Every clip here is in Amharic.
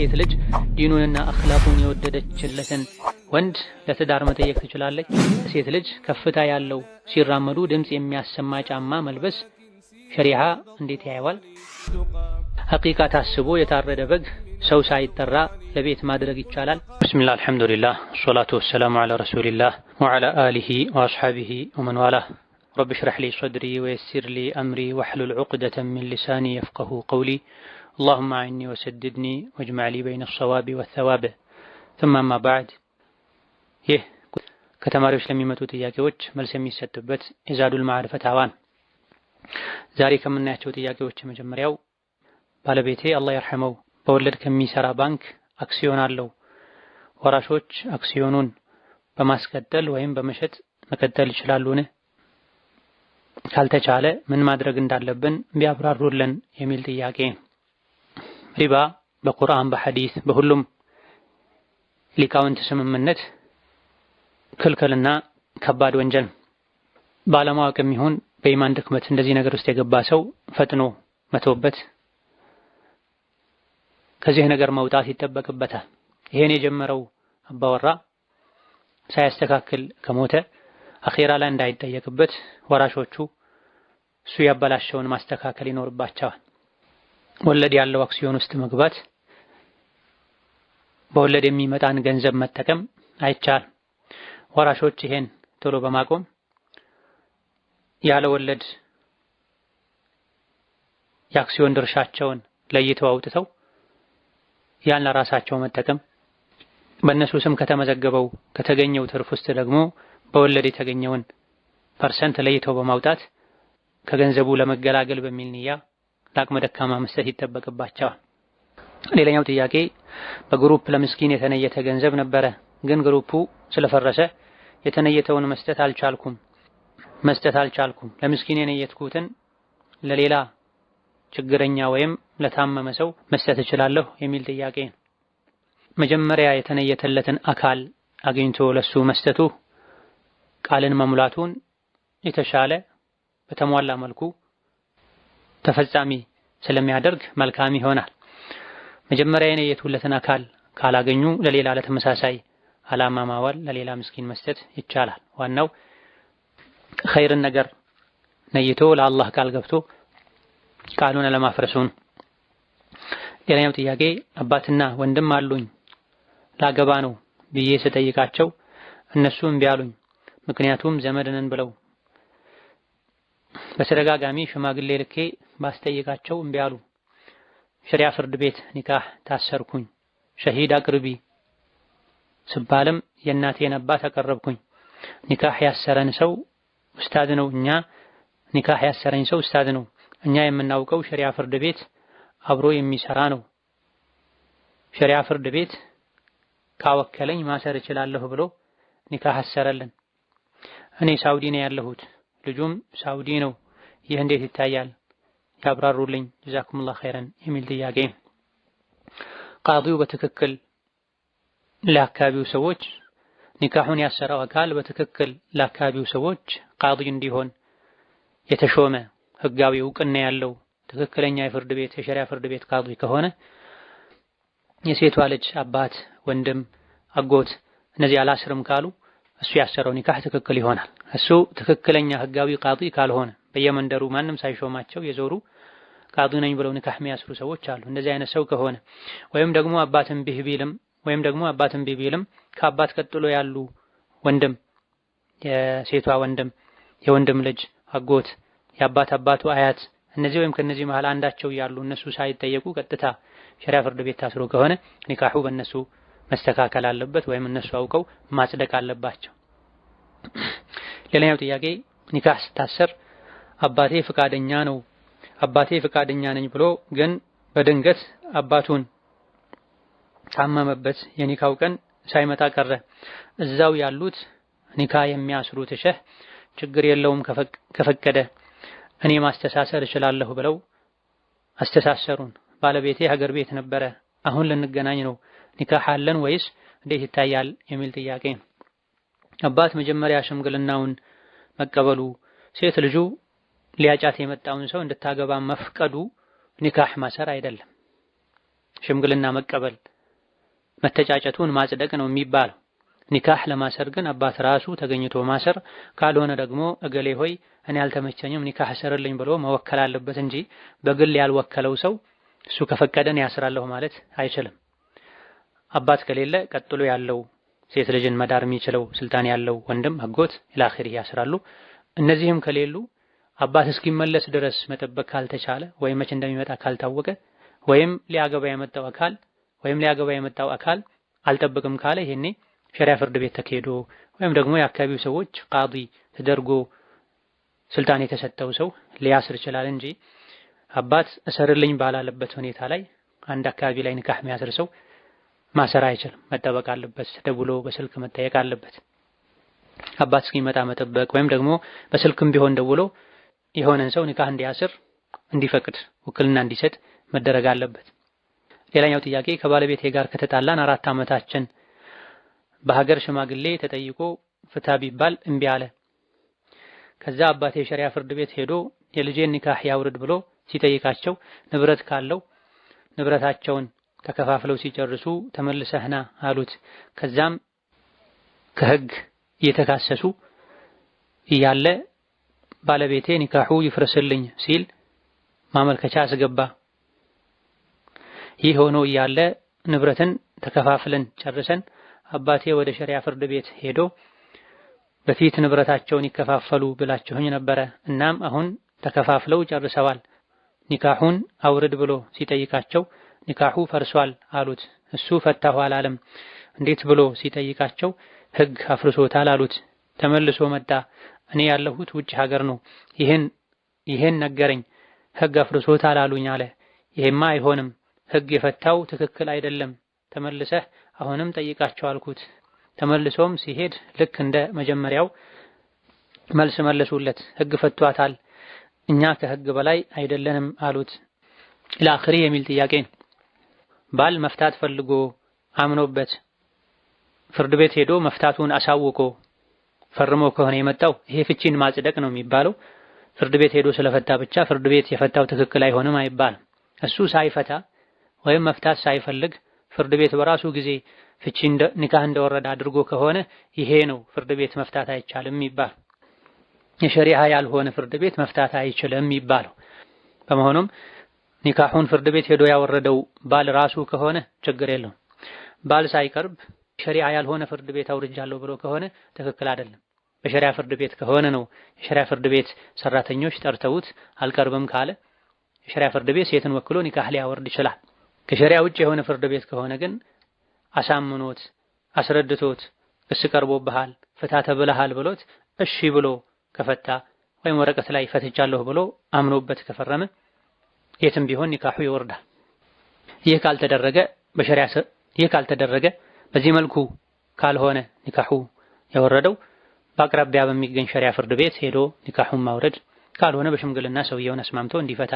ሴት ልጅ ዲኑንና አኽላቁን የወደደችለትን ወንድ ለትዳር መጠየቅ ትችላለች። ሴት ልጅ ከፍታ ያለው ሲራመዱ ድምፅ የሚያሰማ ጫማ መልበስ ሸሪዓ እንዴት ያየዋል? ሐቂቃ ታስቦ የታረደ በግ ሰው ሳይጠራ ለቤት ማድረግ ይቻላል? ብስሚላህ አልሐምዱሊላህ ሶላቱ ወሰላሙ ዓላ ረሱሊላህ ወዓላ አሊሂ ወአስሐቢሂ ወመን ዋላህ ረብ ሽረህ ሊ ሶድሪ ወየሲር ሊ አምሪ ወሕሉል ዑቅደተን ሚን ሊሳኒ የፍቀሁ ቀውሊ اللهم أعني وسددني واجمع لي بين الصواب والثواب ثم أما بعد ይህ ከተማሪዎች ለሚመጡ ጥያቄዎች መልስ የሚሰጥበት የዛዱል ማዕሪፈት አዋን ዛሬ ከምናያቸው ጥያቄዎች የመጀመሪያው ባለቤቴ አላህ ይርሐመው በወለድ ከሚሰራ ባንክ አክሲዮን አለው። ወራሾች አክሲዮኑን በማስቀጠል ወይም በመሸጥ መቀጠል ይችላሉን? ካልተቻለ ምን ማድረግ እንዳለብን ቢያብራሩልን የሚል ጥያቄ ነው። ሪባ በቁርአን በሐዲስ በሁሉም ሊቃውንት ስምምነት ክልክልና ከባድ ወንጀል። ባለማወቅ የሚሆን በኢማን ድክመት እንደዚህ ነገር ውስጥ የገባ ሰው ፈጥኖ መቶበት ከዚህ ነገር መውጣት ይጠበቅበታል። ይሄን የጀመረው አባወራ ሳያስተካክል ከሞተ አኼራ ላይ እንዳይጠየቅበት ወራሾቹ እሱ ያበላሸውን ማስተካከል ይኖርባቸዋል። ወለድ ያለው አክሲዮን ውስጥ መግባት በወለድ የሚመጣን ገንዘብ መጠቀም አይቻልም። ወራሾች ይሄን ቶሎ በማቆም ያለ ወለድ የአክሲዮን ድርሻቸውን ለይተው አውጥተው ያን ለራሳቸው መጠቀም፣ በእነሱ ስም ከተመዘገበው ከተገኘው ትርፍ ውስጥ ደግሞ በወለድ የተገኘውን ፐርሰንት ለይተው በማውጣት ከገንዘቡ ለመገላገል በሚል ንያ ለአቅመ ደካማ መስጠት ይጠበቅባቸዋል። ሌላኛው ጥያቄ በግሩፕ ለምስኪን የተነየተ ገንዘብ ነበረ፣ ግን ግሩፑ ስለፈረሰ የተነየተውን መስጠት አልቻልኩም መስጠት አልቻልኩም። ለምስኪን የነየትኩትን ለሌላ ችግረኛ ወይም ለታመመ ሰው መስጠት እችላለሁ የሚል ጥያቄ ነው። መጀመሪያ የተነየተለትን አካል አግኝቶ ለሱ መስጠቱ ቃልን መሙላቱን የተሻለ በተሟላ መልኩ ተፈጻሚ ስለሚያደርግ መልካም ይሆናል። መጀመሪያ የነየቱለትን አካል ካላገኙ ለሌላ ለተመሳሳይ አላማ ማዋል ለሌላ ምስኪን መስጠት ይቻላል። ዋናው ኸይርን ነገር ነይቶ ለአላህ ቃል ገብቶ ቃሉን አለማፍረሱን። ሌላኛው ጥያቄ አባትና ወንድም አሉኝ ላገባ ነው ብዬ ስጠይቃቸው እነሱ እምቢ አሉኝ። ምክንያቱም ዘመድንን ብለው በተደጋጋሚ ሽማግሌ ልኬ ባስጠይቃቸው እምቢ አሉ። ሸሪያ ፍርድ ቤት ኒካህ ታሰርኩኝ፣ ሸሂድ አቅርቢ ስባልም የእናቴን አባት አቀረብኩኝ። ኒካህ ያሰረን ሰው ኡስታዝ ነው። እኛ ኒካህ ያሰረኝ ሰው ኡስታዝ ነው። እኛ የምናውቀው ሸሪያ ፍርድ ቤት አብሮ የሚሰራ ነው። ሸሪያ ፍርድ ቤት ካወከለኝ ማሰር እችላለሁ ብሎ ኒካህ አሰረልን። እኔ ሳውዲ ነው ያለሁት ልጁም ሳውዲ ነው። ይህ እንዴት ይታያል? ያብራሩልኝ ጀዛኩሙላህ ኸይረን የሚል ጥያቄ። ቃዲው በትክክል ለአካባቢው ሰዎች ኒካሁን ያሰራው አካል በትክክል ለአካባቢው ሰዎች ቃዲ እንዲሆን የተሾመ ህጋዊ እውቅና ያለው ትክክለኛ የፍርድ ቤት የሸሪያ ፍርድ ቤት ቃዲ ከሆነ የሴቷ ልጅ አባት፣ ወንድም፣ አጎት እነዚህ አላስርም ካሉ እሱ ያሰረው ኒካህ ትክክል ይሆናል። እሱ ትክክለኛ ህጋዊ ቃጢ ካልሆነ በየመንደሩ ማንም ሳይሾማቸው የዞሩ ቃጢ ነኝ ብለው ኒካህ የሚያስሩ ሰዎች አሉ። እንደዚህ አይነት ሰው ከሆነ ወይም ደግሞ አባትን ቢህ ቢልም ወይም ደግሞ አባትን ቢህ ቢልም ከአባት ቀጥሎ ያሉ ወንድም፣ የሴቷ ወንድም፣ የወንድም ልጅ፣ አጎት፣ የአባት አባቱ አያት፣ እነዚህ ወይም ከነዚህ መሃል አንዳቸው ያሉ እነሱ ሳይጠየቁ ቀጥታ ሸሪያ ፍርድ ቤት ታስሮ ከሆነ ኒካሁ በእነሱ መስተካከል አለበት ወይም እነሱ አውቀው ማጽደቅ አለባቸው። ሌላኛው ጥያቄ ኒካህ ስታሰር አባቴ ፍቃደኛ ነው አባቴ ፍቃደኛ ነኝ ብሎ ግን በድንገት አባቱን ታመመበት የኒካው ቀን ሳይመጣ ቀረ። እዛው ያሉት ኒካ የሚያስሩት ሸህ ችግር የለውም ከፈቀደ እኔ ማስተሳሰር እችላለሁ ብለው አስተሳሰሩን። ባለቤቴ ሀገር ቤት ነበረ፣ አሁን ልንገናኝ ነው ኒካህ አለን ወይስ እንዴት ይታያል የሚል ጥያቄ ነው። አባት መጀመሪያ ሽምግልናውን መቀበሉ ሴት ልጁ ሊያጫት የመጣውን ሰው እንድታገባ መፍቀዱ ኒካህ ማሰር አይደለም። ሽምግልና መቀበል መተጫጨቱን ማጽደቅ ነው የሚባለው። ኒካህ ለማሰር ግን አባት ራሱ ተገኝቶ ማሰር፣ ካልሆነ ደግሞ እገሌ ሆይ እኔ አልተመቸኝም ኒካህ ሰርልኝ ብሎ መወከል አለበት እንጂ በግል ያልወከለው ሰው እሱ ከፈቀደን ያስራለሁ ማለት አይችልም። አባት ከሌለ ቀጥሎ ያለው ሴት ልጅን መዳር የሚችለው ስልጣን ያለው ወንድም፣ አጎት ኢላኺር ያስራሉ። እነዚህም ከሌሉ አባት እስኪመለስ ድረስ መጠበቅ ካልተቻለ ወይም መቼ እንደሚመጣ ካልታወቀ ወይም ሊያገባ የመጣው አካል ወይም ሊያገባ የመጣው አካል አልጠብቅም ካለ ይሄኔ ሸሪያ ፍርድ ቤት ተካሄዶ ወይም ደግሞ የአካባቢው ሰዎች ቃዲ ተደርጎ ስልጣን የተሰጠው ሰው ሊያስር ይችላል እንጂ አባት እሰርልኝ ባላለበት ሁኔታ ላይ አንድ አካባቢ ላይ ንካህ የሚያስር ሰው ማሰራ አይችልም። መጠበቅ አለበት። ደውሎ በስልክ መጠየቅ አለበት። አባት እስኪመጣ መጠበቅ ወይም ደግሞ በስልክም ቢሆን ደውሎ የሆነን ሰው ኒካህ እንዲያስር እንዲፈቅድ ውክልና እንዲሰጥ መደረግ አለበት። ሌላኛው ጥያቄ ከባለቤቴ ጋር ከተጣላን አራት ዓመታችን በሀገር ሽማግሌ ተጠይቆ ፍታ ቢባል እምቢ አለ። ከዛ አባቴ የሸሪያ ፍርድ ቤት ሄዶ የልጄን ኒካህ ያውርድ ብሎ ሲጠይቃቸው ንብረት ካለው ንብረታቸውን ተከፋፍለው ሲጨርሱ ተመልሰህና አሉት። ከዛም ከህግ እየተካሰሱ እያለ ባለቤቴ ኒካሁ ይፍረስልኝ ሲል ማመልከቻ አስገባ። ይህ ሆኖ እያለ ንብረትን ተከፋፍለን ጨርሰን አባቴ ወደ ሸሪያ ፍርድ ቤት ሄዶ በፊት ንብረታቸውን ይከፋፈሉ ብላችሁኝ ነበረ። እናም አሁን ተከፋፍለው ጨርሰዋል። ኒካሁን አውርድ ብሎ ሲጠይቃቸው ኒካሁ ፈርሷል አሉት። እሱ ፈታሁ አላለም። እንዴት ብሎ ሲጠይቃቸው ህግ አፍርሶታል አሉት። ተመልሶ መጣ። እኔ ያለሁት ውጭ ሀገር ነው፣ ይህን ይህን ነገረኝ። ህግ አፍርሶታል አሉኝ አለ። ይሄማ አይሆንም፣ ህግ የፈታው ትክክል አይደለም። ተመልሰህ አሁንም ጠይቃቸው አልኩት። ተመልሶም ሲሄድ ልክ እንደ መጀመሪያው መልስ መለሱለት። ህግ ፈቷታል፣ እኛ ከህግ በላይ አይደለንም አሉት። ኢላአኽሪ የሚል ጥያቄ ነው። ባል መፍታት ፈልጎ አምኖበት ፍርድ ቤት ሄዶ መፍታቱን አሳውቆ ፈርሞ ከሆነ የመጣው ይሄ ፍቺን ማጽደቅ ነው የሚባለው። ፍርድ ቤት ሄዶ ስለፈታ ብቻ ፍርድ ቤት የፈታው ትክክል አይሆንም አይባልም። እሱ ሳይፈታ ወይም መፍታት ሳይፈልግ ፍርድ ቤት በራሱ ጊዜ ፍቺ ኒካህ እንደወረደ አድርጎ ከሆነ ይሄ ነው ፍርድ ቤት መፍታት አይቻልም ይባል። የሸሪዓ ያልሆነ ፍርድ ቤት መፍታት አይችልም ይባለው። በመሆኑም ኒካሁን ፍርድ ቤት ሄዶ ያወረደው ባል ራሱ ከሆነ ችግር የለውም። ባል ሳይቀርብ ሸሪዓ ያልሆነ ፍርድ ቤት አውርጃለሁ ብሎ ከሆነ ትክክል አይደለም። በሸሪያ ፍርድ ቤት ከሆነ ነው የሸሪያ ፍርድ ቤት ሰራተኞች ጠርተውት አልቀርብም ካለ የሸሪያ ፍርድ ቤት ሴትን ወክሎ ኒካህ ሊያወርድ ይችላል። ከሸሪያ ውጭ የሆነ ፍርድ ቤት ከሆነ ግን አሳምኖት አስረድቶት ክስ ቀርቦብሃል፣ ፍታ ተብለሃል ብሎት እሺ ብሎ ከፈታ ወይም ወረቀት ላይ ፈትቻለሁ ብሎ አምኖበት ከፈረመ የትም ቢሆን ኒካሁ ይወርዳል። ይህ ካልተደረገ በሸሪያ ይህ ካልተደረገ በዚህ መልኩ ካልሆነ ኒካሁ የወረደው በአቅራቢያ በሚገኝ ሸሪያ ፍርድ ቤት ሄዶ ኒካሁን ማውረድ ካልሆነ በሽምግልና ሰውየውን አስማምቶ እንዲፈታ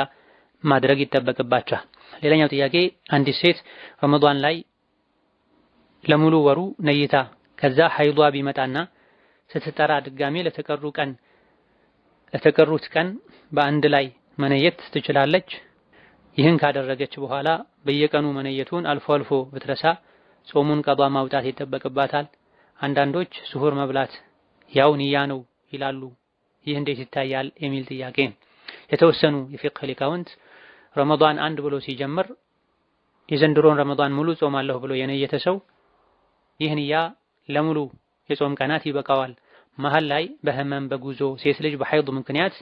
ማድረግ ይጠበቅባቸዋል። ሌላኛው ጥያቄ አንዲት ሴት ረመዷን ላይ ለሙሉ ወሩ ነይታ ከዛ ሀይዷ ቢመጣና ስትጠራ ድጋሜ ለተቀሩ ቀን ለተቀሩት ቀን በአንድ ላይ መነየት ትችላለች? ይህን ካደረገች በኋላ በየቀኑ መነየቱን አልፎ አልፎ ብትረሳ ጾሙን ቀዷ ማውጣት ይጠበቅባታል። አንዳንዶች ስሁር መብላት ያው ንያ ነው ይላሉ። ይህ እንዴት ይታያል የሚል ጥያቄ የተወሰኑ የፊቅህ ሊቃውንት ረመዷን አንድ ብሎ ሲጀምር የዘንድሮን ረመዷን ሙሉ ጾም አለሁ ብሎ የነየተ ሰው ይህ ንያ ለሙሉ የጾም ቀናት ይበቃዋል። መሀል ላይ በህመም በጉዞ ሴት ልጅ በሐይድ ምክንያት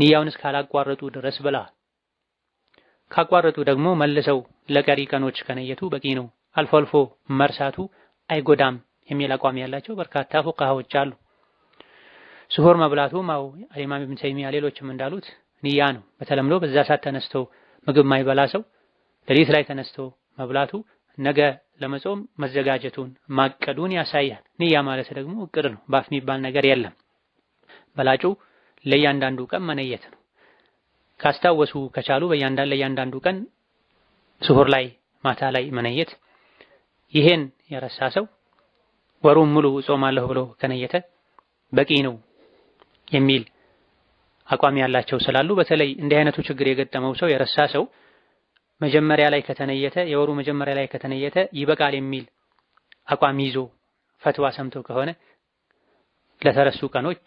ንያውን እስካላቋረጡ ድረስ ብለዋል። ካቋረጡ ደግሞ መልሰው ለቀሪ ቀኖች ከነየቱ በቂ ነው። አልፎ አልፎ መርሳቱ አይጎዳም የሚል አቋም ያላቸው በርካታ ፉቃሃዎች አሉ። ስሁር መብላቱም ማው ኢማም ኢብኑ ተይሚያ ሌሎችም እንዳሉት ንያ ነው። በተለምዶ በዛ ሰዓት ተነስቶ ምግብ ማይበላ ሰው ሌሊት ላይ ተነስቶ መብላቱ ነገ ለመጾም መዘጋጀቱን ማቀዱን ያሳያል። ንያ ማለት ደግሞ እቅድ ነው። ባፍ የሚባል ነገር የለም። በላጩ ለእያንዳንዱ ቀን መነየት ነው። ካስታወሱ ከቻሉ በእያንዳንድ ለእያንዳንዱ ቀን ስሁር ላይ ማታ ላይ መነየት። ይሄን የረሳ ሰው ወሩን ሙሉ እጾማለሁ ብሎ ከነየተ በቂ ነው የሚል አቋም ያላቸው ስላሉ በተለይ እንዲህ አይነቱ ችግር የገጠመው ሰው የረሳ ሰው መጀመሪያ ላይ ከተነየተ የወሩ መጀመሪያ ላይ ከተነየተ ይበቃል የሚል አቋም ይዞ ፈትዋ ሰምቶ ከሆነ ለተረሱ ቀኖች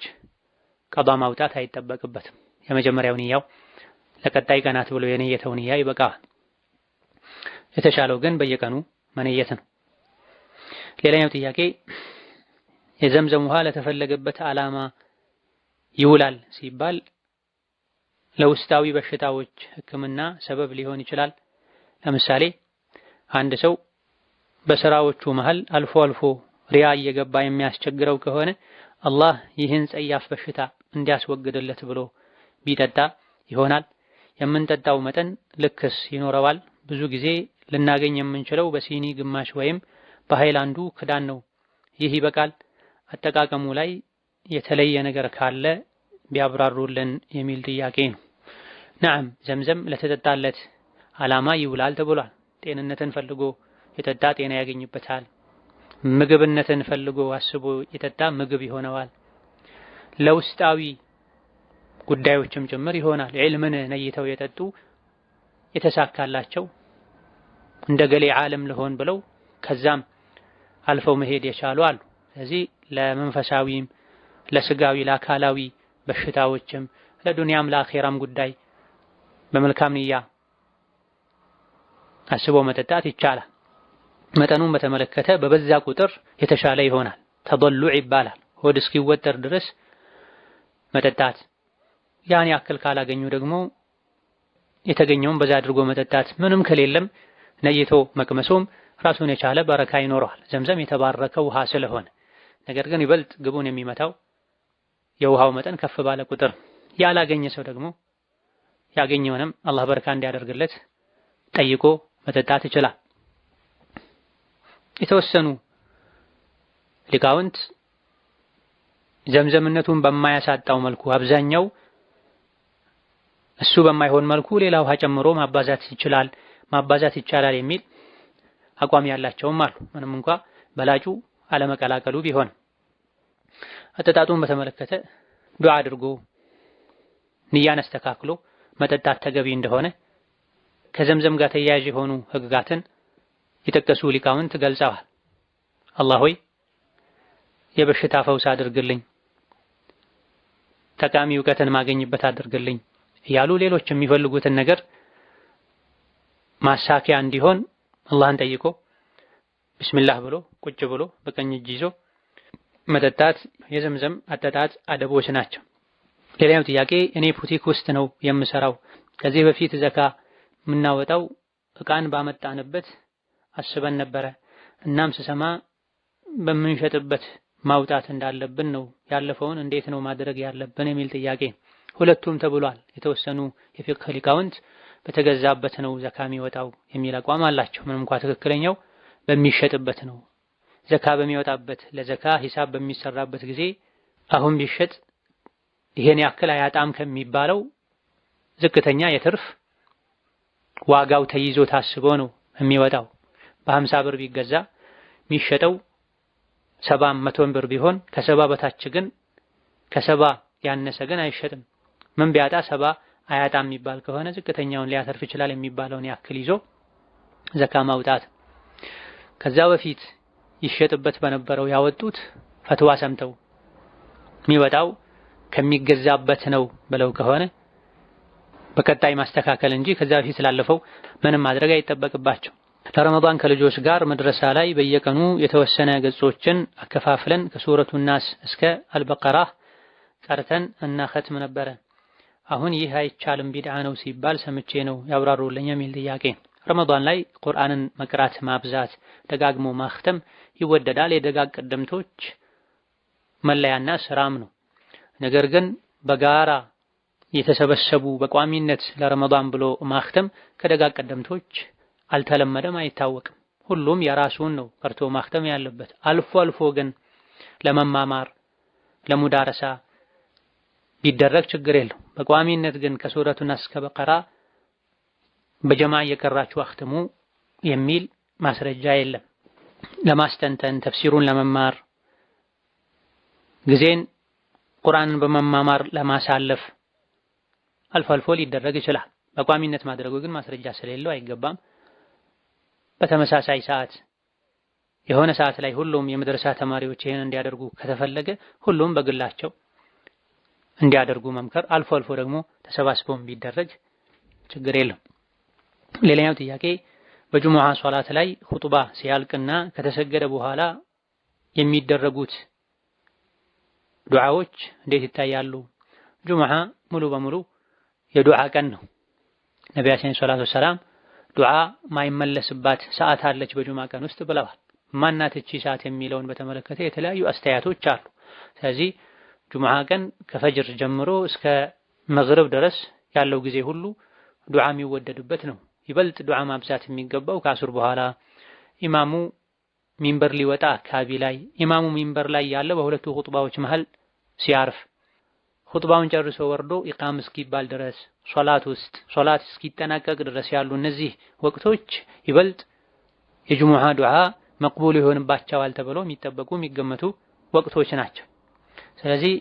ቀዷ ማውጣት አይጠበቅበትም። የመጀመሪያውን ያው ለቀጣይ ቀናት ብሎ የነየተው ንያ ይበቃዋል። የተሻለው ግን በየቀኑ መነየት ነው። ሌላኛው ጥያቄ የዘምዘም ውሃ ለተፈለገበት ዓላማ ይውላል ሲባል ለውስጣዊ በሽታዎች ሕክምና ሰበብ ሊሆን ይችላል። ለምሳሌ አንድ ሰው በስራዎቹ መሃል አልፎ አልፎ ሪያ እየገባ የሚያስቸግረው ከሆነ አላህ ይህን ጸያፍ በሽታ እንዲያስወግድለት ብሎ ቢጠጣ ይሆናል። የምንጠጣው መጠን ልክስ ይኖረዋል? ብዙ ጊዜ ልናገኝ የምንችለው በሲኒ ግማሽ ወይም በሃይላንዱ ክዳን ነው። ይህ ይበቃል? አጠቃቀሙ ላይ የተለየ ነገር ካለ ቢያብራሩልን የሚል ጥያቄ ነው። ነዓም ዘምዘም ለተጠጣለት ዓላማ ይውላል ተብሏል። ጤንነትን ፈልጎ የጠጣ ጤና ያገኝበታል። ምግብነትን ፈልጎ አስቦ የጠጣ ምግብ ይሆነዋል። ለውስጣዊ ጉዳዮችም ጭምር ይሆናል ዒልምን ነይተው የጠጡ የተሳካላቸው እንደ ገሌ ዓለም ልሆን ብለው ከዛም አልፈው መሄድ የቻሉ አሉ። ስለዚህ ለመንፈሳዊም ለስጋዊ ለአካላዊ በሽታዎችም ለዱንያም ለአኼራም ጉዳይ በመልካም ንያ አስቦ መጠጣት ይቻላል። መጠኑን በተመለከተ በበዛ ቁጥር የተሻለ ይሆናል። ተበሉዕ ይባላል። ሆድ እስኪወጠር ድረስ መጠጣት ያን ያክል ካላገኙ ደግሞ የተገኘውን በዛ አድርጎ መጠጣት፣ ምንም ከሌለም ነይቶ መቅመሶም ራሱን የቻለ በረካ ይኖረዋል። ዘምዘም የተባረከ ውሃ ስለሆነ። ነገር ግን ይበልጥ ግቡን የሚመታው የውሃው መጠን ከፍ ባለ ቁጥር። ያላገኘ ሰው ደግሞ ያገኘውንም አላህ በረካ እንዲያደርግለት ጠይቆ መጠጣት ይችላል። የተወሰኑ ሊቃውንት ዘምዘምነቱን በማያሳጣው መልኩ አብዛኛው እሱ በማይሆን መልኩ ሌላ ውሃ ጨምሮ ማባዛት ይችላል ማባዛት ይቻላል የሚል አቋም ያላቸውም አሉ። ምንም እንኳ በላጩ አለመቀላቀሉ ቢሆን አጠጣጡን በተመለከተ ዱዓ አድርጎ ንያን አስተካክሎ መጠጣት ተገቢ እንደሆነ ከዘምዘም ጋር ተያያዥ የሆኑ ህግጋትን የጠቀሱ ሊቃውንት ገልጸዋል። አላህ ሆይ የበሽታ ፈውስ አድርግልኝ፣ ጠቃሚ እውቀትን ማገኝበት አድርግልኝ እያሉ ሌሎች የሚፈልጉትን ነገር ማሳኪያ እንዲሆን አላህን ጠይቆ ቢስሚላህ ብሎ ቁጭ ብሎ በቀኝ እጅ ይዞ መጠጣት የዘምዘም አጠጣት አደቦች ናቸው። ሌላኛው ጥያቄ እኔ ፑቲክ ውስጥ ነው የምሰራው። ከዚህ በፊት ዘካ የምናወጣው እቃን ባመጣንበት አስበን ነበረ። እናም ስሰማ በምንሸጥበት ማውጣት እንዳለብን ነው። ያለፈውን እንዴት ነው ማድረግ ያለብን የሚል ጥያቄ ሁለቱም ተብሏል። የተወሰኑ የፊቅህ ሊቃውንት በተገዛበት ነው ዘካ የሚወጣው የሚል አቋም አላቸው። ምንም እንኳ ትክክለኛው በሚሸጥበት ነው። ዘካ በሚወጣበት ለዘካ ሂሳብ በሚሰራበት ጊዜ አሁን ቢሸጥ ይሄን ያክል አያጣም ከሚባለው ዝቅተኛ የትርፍ ዋጋው ተይዞ ታስቦ ነው የሚወጣው። በሀምሳ ብር ቢገዛ የሚሸጠው ሰባ መቶን ብር ቢሆን ከሰባ በታች ግን ከሰባ ያነሰ ግን አይሸጥም። ምን ቢያጣ ሰባ አያጣ የሚባል ከሆነ ዝቅተኛውን ሊያተርፍ ይችላል የሚባለውን ያክል ይዞ ዘካ ማውጣት። ከዛ በፊት ይሸጥበት በነበረው ያወጡት ፈትዋ ሰምተው የሚወጣው ከሚገዛበት ነው ብለው ከሆነ በቀጣይ ማስተካከል እንጂ ከዛ በፊት ስላለፈው ምንም ማድረግ አይጠበቅባቸው። ለረመዳን ከልጆች ጋር መድረሳ ላይ በየቀኑ የተወሰነ ገጾችን አከፋፍለን ከሱረቱ ናስ እስከ አልበቀራ ቀርተን እና ኸትም ነበረ። አሁን ይህ አይቻልም ቢድዓ ነው ሲባል ሰምቼ ነው ያብራሩልኝ የሚል ጥያቄ። ረመዳን ላይ ቁርአንን መቅራት ማብዛት፣ ደጋግሞ ማክተም ይወደዳል። የደጋግ ቀደምቶች መለያና ስራም ነው። ነገር ግን በጋራ የተሰበሰቡ በቋሚነት ለረመዳን ብሎ ማክተም ከደጋግ ቀደምቶች አልተለመደም፣ አይታወቅም። ሁሉም የራሱን ነው ቀርቶ ማክተም ያለበት። አልፎ አልፎ ግን ለመማማር ለሙዳረሳ ቢደረግ ችግር የለው። በቋሚነት ግን ከሱረቱ ናስ ከበቀራ በጀማ እየቀራችሁ አክትሙ የሚል ማስረጃ የለም። ለማስተንተን ተፍሲሩን ለመማር ጊዜን ቁርአንን በመማማር ለማሳለፍ አልፎ አልፎ ሊደረግ ይችላል። በቋሚነት ማድረጉ ግን ማስረጃ ስለሌለው አይገባም። በተመሳሳይ ሰዓት የሆነ ሰዓት ላይ ሁሉም የመድረሳ ተማሪዎች ይህን እንዲያደርጉ ከተፈለገ ሁሉም በግላቸው እንዲያደርጉ መምከር፣ አልፎ አልፎ ደግሞ ተሰባስበው ቢደረግ ችግር የለም። ሌላኛው ጥያቄ በጁሙዓ ሶላት ላይ ኹጥባ ሲያልቅና ከተሰገደ በኋላ የሚደረጉት ዱዓዎች እንዴት ይታያሉ? ጁሙዓ ሙሉ በሙሉ የዱዓ ቀን ነው። ነቢያችን ሶላቱ ሰላም ዱዓ ማይመለስባት ሰዓት አለች በጁሙዓ ቀን ውስጥ ብለዋል። ማናት እቺ ሰዓት የሚለውን በተመለከተ የተለያዩ አስተያየቶች አሉ። ስለዚህ ጁምዓ ቀን ከፈጅር ጀምሮ እስከ መግሪብ ድረስ ያለው ጊዜ ሁሉ ዱዓ የሚወደድበት ነው። ይበልጥ ዱዓ ማብዛት የሚገባው ከአሱር በኋላ ኢማሙ ሚንበር ሊወጣ አካባቢ ላይ ኢማሙ ሚንበር ላይ ያለ በሁለቱ ኹጥባዎች መሃል ሲያርፍ ኹጥባውን ጨርሶ ወርዶ ኢቃም እስኪባል ድረስ ሶላት ውስጥ ሶላት እስኪጠናቀቅ ድረስ ያሉ እነዚህ ወቅቶች ይበልጥ የጅሙዓ ዱዓ መቅቡል ይሆንባቸዋል ተብሎ የሚጠበቁ የሚገመቱ ወቅቶች ናቸው። ስለዚህ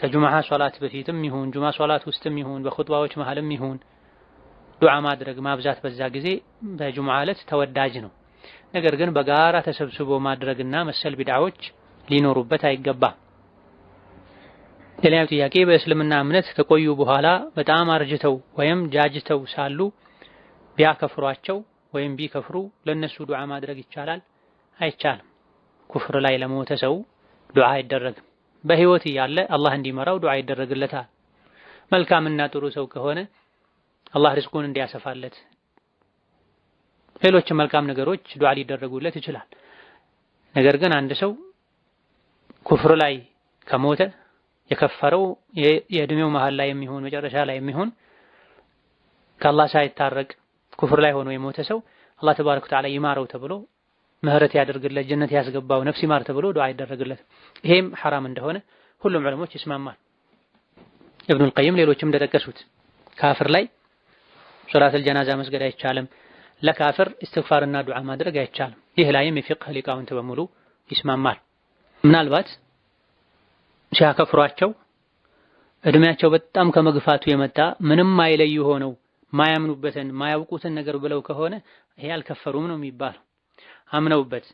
ከጁምዓ ሶላት በፊትም ይሁን ጁማ ሶላት ውስጥም ይሁን በኹጥባዎች መሀልም ይሁን ዱዓ ማድረግ ማብዛት በዛ ጊዜ በጁምዓ ዕለት ተወዳጅ ነው። ነገር ግን በጋራ ተሰብስቦ ማድረግና መሰል ቢድዓዎች ሊኖሩበት አይገባም። ሌላኛው ጥያቄ በእስልምና እምነት ከቆዩ በኋላ በጣም አርጅተው ወይም ጃጅተው ሳሉ ቢያከፍሯቸው ወይም ቢከፍሩ ለነሱ ዱዓ ማድረግ ይቻላል? አይቻልም። ኩፍር ላይ ለሞተ ሰው ዱዓ አይደረግም። በህይወት እያለ አላህ እንዲመራው ዱዓ ይደረግለታል። መልካምና ጥሩ ሰው ከሆነ አላህ ሪዝቁን እንዲያሰፋለት፣ ሌሎች መልካም ነገሮች ዱዓ ሊደረጉለት ይችላል። ነገር ግን አንድ ሰው ኩፍር ላይ ከሞተ የከፈረው የእድሜው መሃል ላይ የሚሆን መጨረሻ ላይ የሚሆን ከአላህ ሳይታረቅ ኩፍር ላይ ሆኖ የሞተ ሰው አላህ ተባረከ ወተዓላ ይማረው ተብሎ ምህረት ያደርግለት ጀነት ያስገባው ነፍስ ይማር ተብሎ ዱዓ ይደረግለት። ይሄም ሐራም እንደሆነ ሁሉም ዑለሞች ይስማማል። ኢብኑል ቀይም ሌሎችም እንደጠቀሱት ካፍር ላይ ሶላተል ጀናዛ መስገድ አይቻልም። ለካፍር ኢስትግፋርና ዱዓ ማድረግ አይቻልም። ይህ ላይም የፊቅህ ሊቃውንት በሙሉ ይስማማል። ምናልባት ሲያከፍሯቸው እድሜያቸው በጣም ከመግፋቱ የመጣ ምንም አይለዩ ሆነው ማያምኑበትን ማያውቁትን ነገር ብለው ከሆነ ይሄ አልከፈሩም ነው የሚባለው። አምነውበት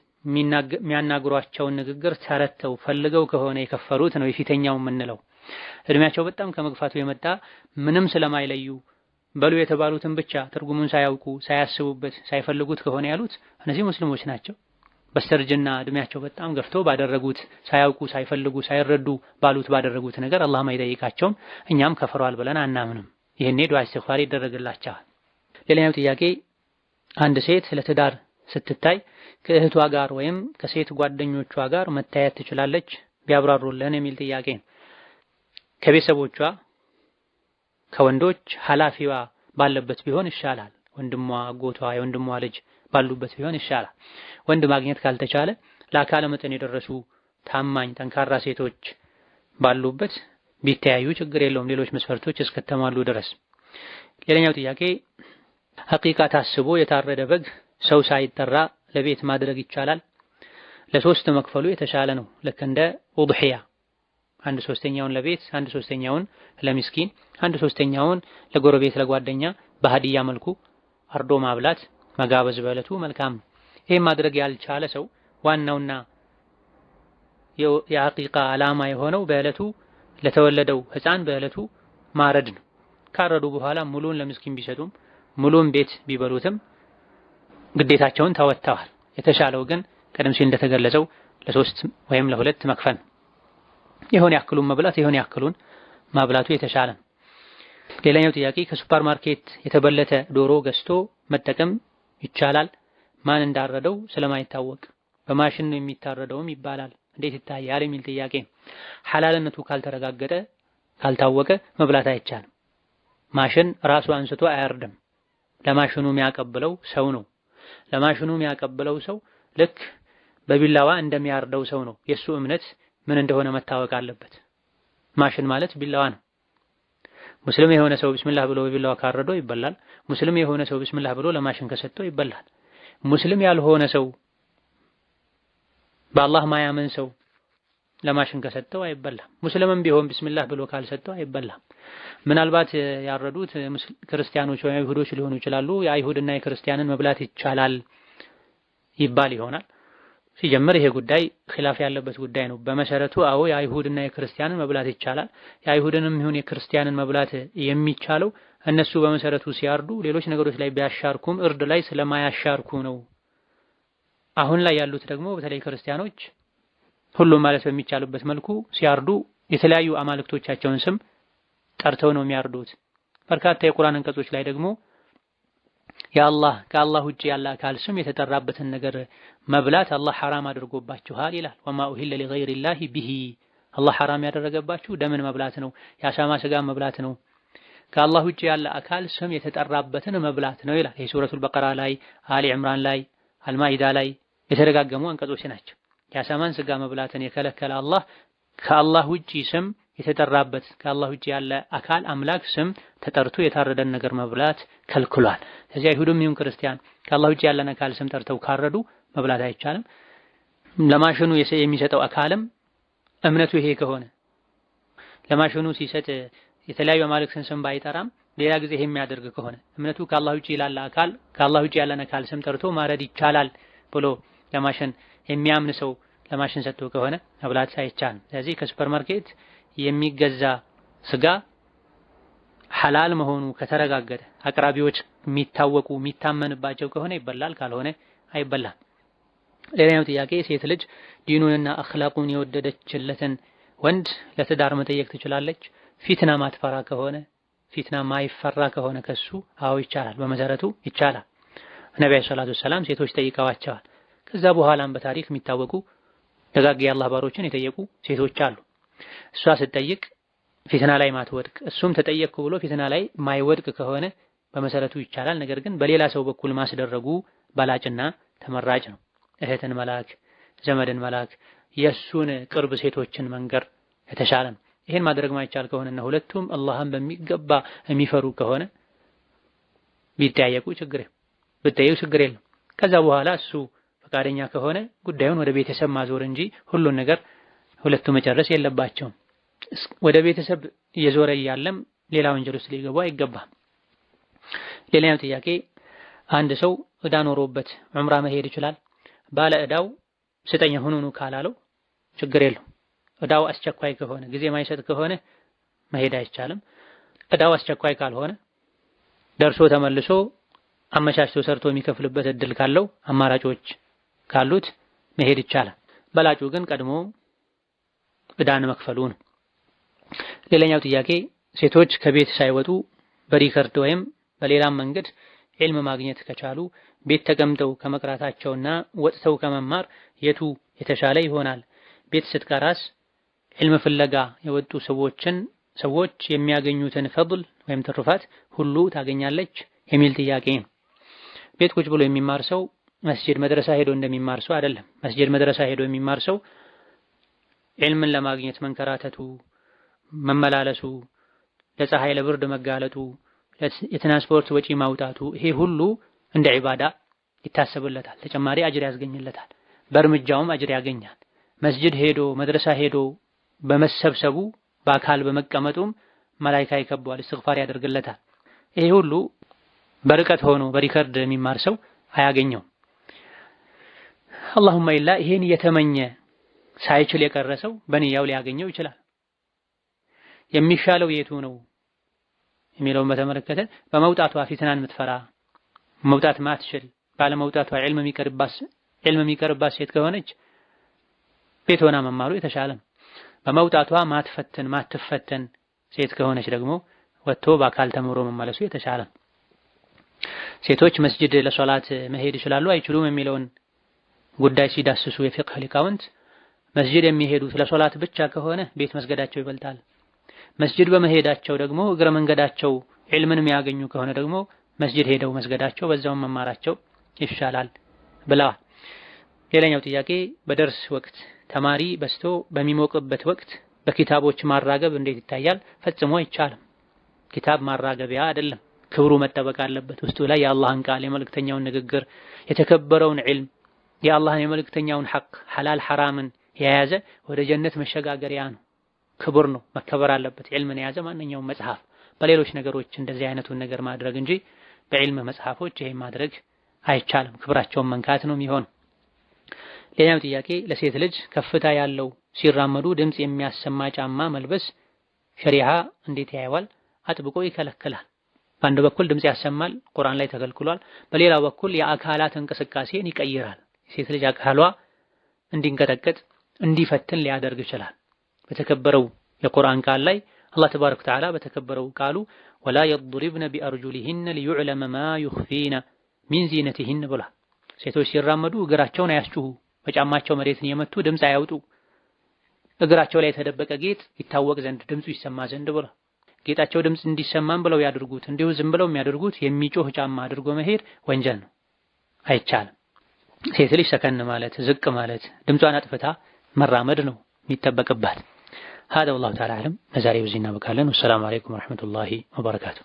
የሚያናግሯቸውን ንግግር ተረተው ፈልገው ከሆነ የከፈሉት ነው የፊተኛው የምንለው። እድሜያቸው በጣም ከመግፋቱ የመጣ ምንም ስለማይለዩ በሉ የተባሉትን ብቻ ትርጉሙን ሳያውቁ ሳያስቡበት ሳይፈልጉት ከሆነ ያሉት እነዚህ ሙስሊሞች ናቸው። በስተርጅና እድሜያቸው በጣም ገፍቶ ባደረጉት ሳያውቁ ሳይፈልጉ ሳይረዱ ባሉት ባደረጉት ነገር አላህም አይጠይቃቸውም፣ እኛም ከፈሯል ብለን አናምንም። ይህኔ ዱዓ፣ ኢስቲግፋር ይደረግላቸዋል። ሌላኛው ጥያቄ አንድ ሴት ለትዳር ስትታይ ከእህቷ ጋር ወይም ከሴት ጓደኞቿ ጋር መታየት ትችላለች ቢያብራሩልን የሚል ጥያቄ ነው። ከቤተሰቦቿ ከወንዶች ኃላፊዋ ባለበት ቢሆን ይሻላል። ወንድሟ፣ አጎቷ፣ የወንድሟ ልጅ ባሉበት ቢሆን ይሻላል። ወንድ ማግኘት ካልተቻለ ለአካለ መጠን የደረሱ ታማኝ ጠንካራ ሴቶች ባሉበት ቢተያዩ ችግር የለውም ሌሎች መስፈርቶች እስከተሟሉ ድረስ። ሌላኛው ጥያቄ ሐቂቃ ታስቦ የታረደ በግ ሰው ሳይጠራ ለቤት ማድረግ ይቻላል። ለሶስት መክፈሉ የተሻለ ነው። ልክ እንደ ውድሕያ አንድ ሶስተኛውን ለቤት፣ አንድ ሶስተኛውን ለሚስኪን፣ አንድ ሶስተኛውን ለጎረቤት፣ ለጓደኛ በሀዲያ መልኩ አርዶ ማብላት መጋበዝ በዕለቱ መልካም ነው። ይህም ማድረግ ያልቻለ ሰው ዋናውና የአቂቃ ዓላማ የሆነው በዕለቱ ለተወለደው ህፃን በዕለቱ ማረድ ነው። ካረዱ በኋላ ሙሉን ለምስኪን ቢሰጡም ሙሉን ቤት ቢበሉትም ግዴታቸውን ተወጥተዋል። የተሻለው ግን ቀደም ሲል እንደተገለጸው ለሶስት ወይም ለሁለት መክፈል ይሆን ያክሉን መብላት ይሆን ያክሉን ማብላቱ የተሻለ ነው። ሌላኛው ጥያቄ ከሱፐር ማርኬት የተበለተ ዶሮ ገዝቶ መጠቀም ይቻላል? ማን እንዳረደው ስለማይታወቅ በማሽን ነው የሚታረደውም ይባላል እንዴት ይታያል? የሚል ጥያቄ። ሐላልነቱ ካልተረጋገጠ ካልታወቀ መብላት አይቻልም። ማሽን ራሱ አንስቶ አያርድም። ለማሽኑ የሚያቀብለው ሰው ነው። ለማሽኑ የሚያቀብለው ሰው ልክ በቢላዋ እንደሚያርደው ሰው ነው። የእሱ እምነት ምን እንደሆነ መታወቅ አለበት። ማሽን ማለት ቢላዋ ነው። ሙስሊም የሆነ ሰው ቢስሚላህ ብሎ በቢላዋ ካረዶ ይበላል። ሙስሊም የሆነ ሰው ቢስሚላህ ብሎ ለማሽን ከሰጠው ይበላል። ሙስሊም ያልሆነ ሰው በአላህ ማያመን ሰው ለማሽን ከሰጠው አይበላም። ሙስሊምም ቢሆን ቢስሚላህ ብሎ ካልሰጠው አይበላም። ምናልባት ያረዱት ክርስቲያኖች ወይም አይሁዶች ሊሆኑ ይችላሉ። የአይሁድና የክርስቲያንን መብላት ይቻላል ይባል ይሆናል። ሲጀምር ይሄ ጉዳይ ኺላፍ ያለበት ጉዳይ ነው። በመሰረቱ አዎ የአይሁድና የክርስቲያንን መብላት ይቻላል። የአይሁድንም ይሁን የክርስቲያንን መብላት የሚቻለው እነሱ በመሰረቱ ሲያርዱ ሌሎች ነገሮች ላይ ቢያሻርኩም እርድ ላይ ስለማያሻርኩ ነው። አሁን ላይ ያሉት ደግሞ በተለይ ክርስቲያኖች ሁሉም ማለት በሚቻልበት መልኩ ሲያርዱ የተለያዩ አማልክቶቻቸውን ስም ጠርተው ነው የሚያርዱት። በርካታ የቁርአን አንቀጾች ላይ ደግሞ የአላህ ከአላህ ውጪ ያለ አካል ስም የተጠራበትን ነገር መብላት አላህ ሐራም አድርጎባችኋል ይላል። ወማ ኡሂለ ሊገይሪላሂ ቢሂ አላህ ሐራም ያደረገባችሁ ደምን መብላት ነው፣ የአሳማ ስጋ መብላት ነው፣ ከአላህ ውጪ ያለ አካል ስም የተጠራበትን መብላት ነው ይላል። የሱረቱል በቀራ ላይ፣ አሊ ዕምራን ላይ፣ አልማኢዳ ላይ የተደጋገሙ አንቀጾች ናቸው። የአሳማን ስጋ መብላትን የከለከለ አላህ ከአላህ ውጪ ስም የተጠራበት ከአላህ ውጪ ያለ አካል አምላክ ስም ተጠርቶ የታረደን ነገር መብላት ከልክሏል። ስለዚህ አይሁድም ይሁን ክርስቲያን ከአላህ ውጪ ያለን አካል ስም ጠርተው ካረዱ መብላት አይቻልም። ለማሽኑ የሚሰጠው አካልም እምነቱ ይሄ ከሆነ ለማሽኑ ሲሰጥ የተለያዩ አማልክትን ስም ባይጠራም ሌላ ጊዜ ይሄ የሚያደርግ ከሆነ እምነቱ ከአላህ ውጪ ላለ አካል ከአላህ ውጪ ያለን አካል ስም ጠርቶ ማረድ ይቻላል ብሎ ለማሽን የሚያምን ሰው ለማሽን ሰጥቶ ከሆነ መብላት አይቻልም። ስለዚህ ከሱፐር ማርኬት የሚገዛ ስጋ ሐላል መሆኑ ከተረጋገጠ አቅራቢዎች የሚታወቁ የሚታመንባቸው ከሆነ ይበላል፣ ካልሆነ አይበላም። ሌላኛው ጥያቄ ሴት ልጅ ዲኑንና አኽላቁን የወደደችለትን ወንድ ለትዳር መጠየቅ ትችላለች? ፊትና ማትፈራ ከሆነ ፊትና ማይፈራ ከሆነ ከሱ አዎ ይቻላል። በመሰረቱ ይቻላል። ነቢዩ ሰላቱ ሰላም ሴቶች ጠይቀዋቸዋል። ከዛ በኋላም በታሪክ የሚታወቁ ደጋግ የአላህ ባሮችን የጠየቁ ሴቶች አሉ። እሷ ስትጠይቅ ፊትና ላይ ማትወድቅ እሱም ተጠየቅኩ ብሎ ፊትና ላይ ማይወድቅ ከሆነ በመሰረቱ ይቻላል። ነገር ግን በሌላ ሰው በኩል ማስደረጉ በላጭና ተመራጭ ነው። እህትን መላክ፣ ዘመድን መላክ፣ የሱን ቅርብ ሴቶችን መንገር የተሻለ ነው። ይህን ማድረግ ማይቻል ከሆነና ሁለቱም አላህን በሚገባ የሚፈሩ ከሆነ ቢጠያየቁ ችግር ብጠየቁ ችግር የለም። ከዛ በኋላ እሱ ፈቃደኛ ከሆነ ጉዳዩን ወደ ቤተሰብ ማዞር እንጂ ሁሉን ነገር ሁለቱ መጨረስ የለባቸውም። ወደ ቤተሰብ እየዞረ እያለም ሌላ ወንጀል ውስጥ ሊገቡ አይገባም። ሌላኛው ጥያቄ አንድ ሰው እዳ ኖሮበት ዑምራ መሄድ ይችላል። ባለ እዳው ስጠኝ ሁኑኑ ካላለው ችግር የለው። እዳው አስቸኳይ ከሆነ ጊዜ ማይሰጥ ከሆነ መሄድ አይቻልም። እዳው አስቸኳይ ካልሆነ ደርሶ ተመልሶ አመቻችቶ ሰርቶ የሚከፍልበት እድል ካለው አማራጮች ካሉት መሄድ ይቻላል። በላጩ ግን ቀድሞ እዳን መክፈሉ ነው። ሌላኛው ጥያቄ ሴቶች ከቤት ሳይወጡ በሪከርድ ወይም በሌላም መንገድ ዒልም ማግኘት ከቻሉ ቤት ተቀምጠው ከመቅራታቸውና ወጥተው ከመማር የቱ የተሻለ ይሆናል? ቤት ስትቀራስ ዒልም ፍለጋ የወጡ ሰዎችን ሰዎች የሚያገኙትን ፈድል ወይም ትሩፋት ሁሉ ታገኛለች የሚል ጥያቄ ነው። ቤት ቁጭ ብሎ የሚማር ሰው መስጂድ መድረሳ ሄዶ እንደሚማር ሰው አይደለም። መስጂድ መድረሳ ሄዶ የሚማር ሰው ዒልምን ለማግኘት መንከራተቱ፣ መመላለሱ፣ ለፀሐይ ለብርድ መጋለጡ፣ የትራንስፖርት ወጪ ማውጣቱ ይሄ ሁሉ እንደ ዒባዳ ይታሰብለታል። ተጨማሪ አጅር ያስገኝለታል። በእርምጃውም አጅር ያገኛል። መስጂድ ሄዶ መድረሳ ሄዶ በመሰብሰቡ በአካል በመቀመጡም መላይካ ይከበዋል፣ እስትግፋር ያደርግለታል። ይሄ ሁሉ በርቀት ሆኖ በሪከርድ የሚማር ሰው አያገኘውም። አላሁማ ኢላ ይሄን የተመኘ ሳይችል የቀረ ሰው በንያው ሊያገኘው ይችላል። የሚሻለው የቱ ነው የሚለውን በተመለከተ በመውጣቷ ፊትናን የምትፈራ መውጣት ማትችል ባለመውጣቷ ዒልም የሚቀርባት ሴት ከሆነች ቤት ሆና መማሩ የተሻለ ነው። በመውጣቷ ማትፈትን ማትፈተን ሴት ከሆነች ደግሞ ወጥቶ በአካል ተምሮ መመለሱ የተሻለ ነው። ሴቶች መስጅድ ለሶላት መሄድ ይችላሉ አይችሉም የሚለውን ጉዳይ ሲዳስሱ የፊቅህ ሊቃውንት መስጂድ የሚሄዱት ለሶላት ብቻ ከሆነ ቤት መስገዳቸው ይበልጣል። መስጂድ በመሄዳቸው ደግሞ እግረ መንገዳቸው ዒልምን የሚያገኙ ከሆነ ደግሞ መስጂድ ሄደው መስገዳቸው በዛውም መማራቸው ይሻላል ብለዋል። ሌላኛው ጥያቄ በደርስ ወቅት ተማሪ በስቶ በሚሞቅበት ወቅት በኪታቦች ማራገብ እንዴት ይታያል? ፈጽሞ አይቻልም። ኪታብ ማራገቢያ አይደለም። ክብሩ መጠበቅ አለበት። ውስጡ ላይ የአላህን ቃል የመልእክተኛውን ንግግር የተከበረውን ዒልም የአላህን የመልእክተኛውን ሐቅ ሐላል ሐራምን የያዘ ወደ ጀነት መሸጋገሪያ ነው። ክቡር ነው፣ መከበር አለበት። ዒልምን የያዘ ማንኛውም መጽሐፍ በሌሎች ነገሮች እንደዚህ አይነቱን ነገር ማድረግ እንጂ በዒልም መጽሐፎች ይሄን ማድረግ አይቻልም። ክብራቸውን መንካት ነው የሚሆን። ሌላው ጥያቄ ለሴት ልጅ ከፍታ ያለው ሲራመዱ ድምፅ የሚያሰማ ጫማ መልበስ ሸሪዓ እንዴት ያየዋል? አጥብቆ ይከለክላል። በአንድ በኩል ድምፅ ያሰማል፣ ቁርአን ላይ ተከልክሏል። በሌላ በኩል የአካላት እንቅስቃሴን ይቀይራል። ሴት ልጅ አካሏ እንዲንቀጠቀጥ እንዲፈትን ሊያደርግ ይችላል። በተከበረው የቁርአን ቃል ላይ አላህ ተባረከ ወተዓላ በተከበረው ቃሉ ወላ የድሪብነ ቢአርጁሊሂነ ሊዩዕለመ ማ ዩኽፊነ ሚን ዚነቲሂን ብሏል። ሴቶች ሲራመዱ እግራቸውን አያስችሁ በጫማቸው መሬትን የመቱ ድምፅ አያውጡ፣ እግራቸው ላይ የተደበቀ ጌጥ ይታወቅ ዘንድ ድምፁ ይሰማ ዘንድ ብሏል። ጌጣቸው ድምፅ እንዲሰማም ብለው ያድርጉት፣ እንዲሁ ዝም ብለው የሚያደርጉት የሚጮህ ጫማ አድርጎ መሄድ ወንጀል ነው፣ አይቻልም። ሴት ልጅ ሰከን ማለት ዝቅ ማለት ድምጿን አጥፍታ መራመድ ነው የሚጠበቅባት። ሀደ ወላሁ ተዓላ አዕለም። ለዛሬ በዚህ እናበቃለን። ወሰላሙ አለይኩም ወረሕመቱላሂ ወበረካቱ።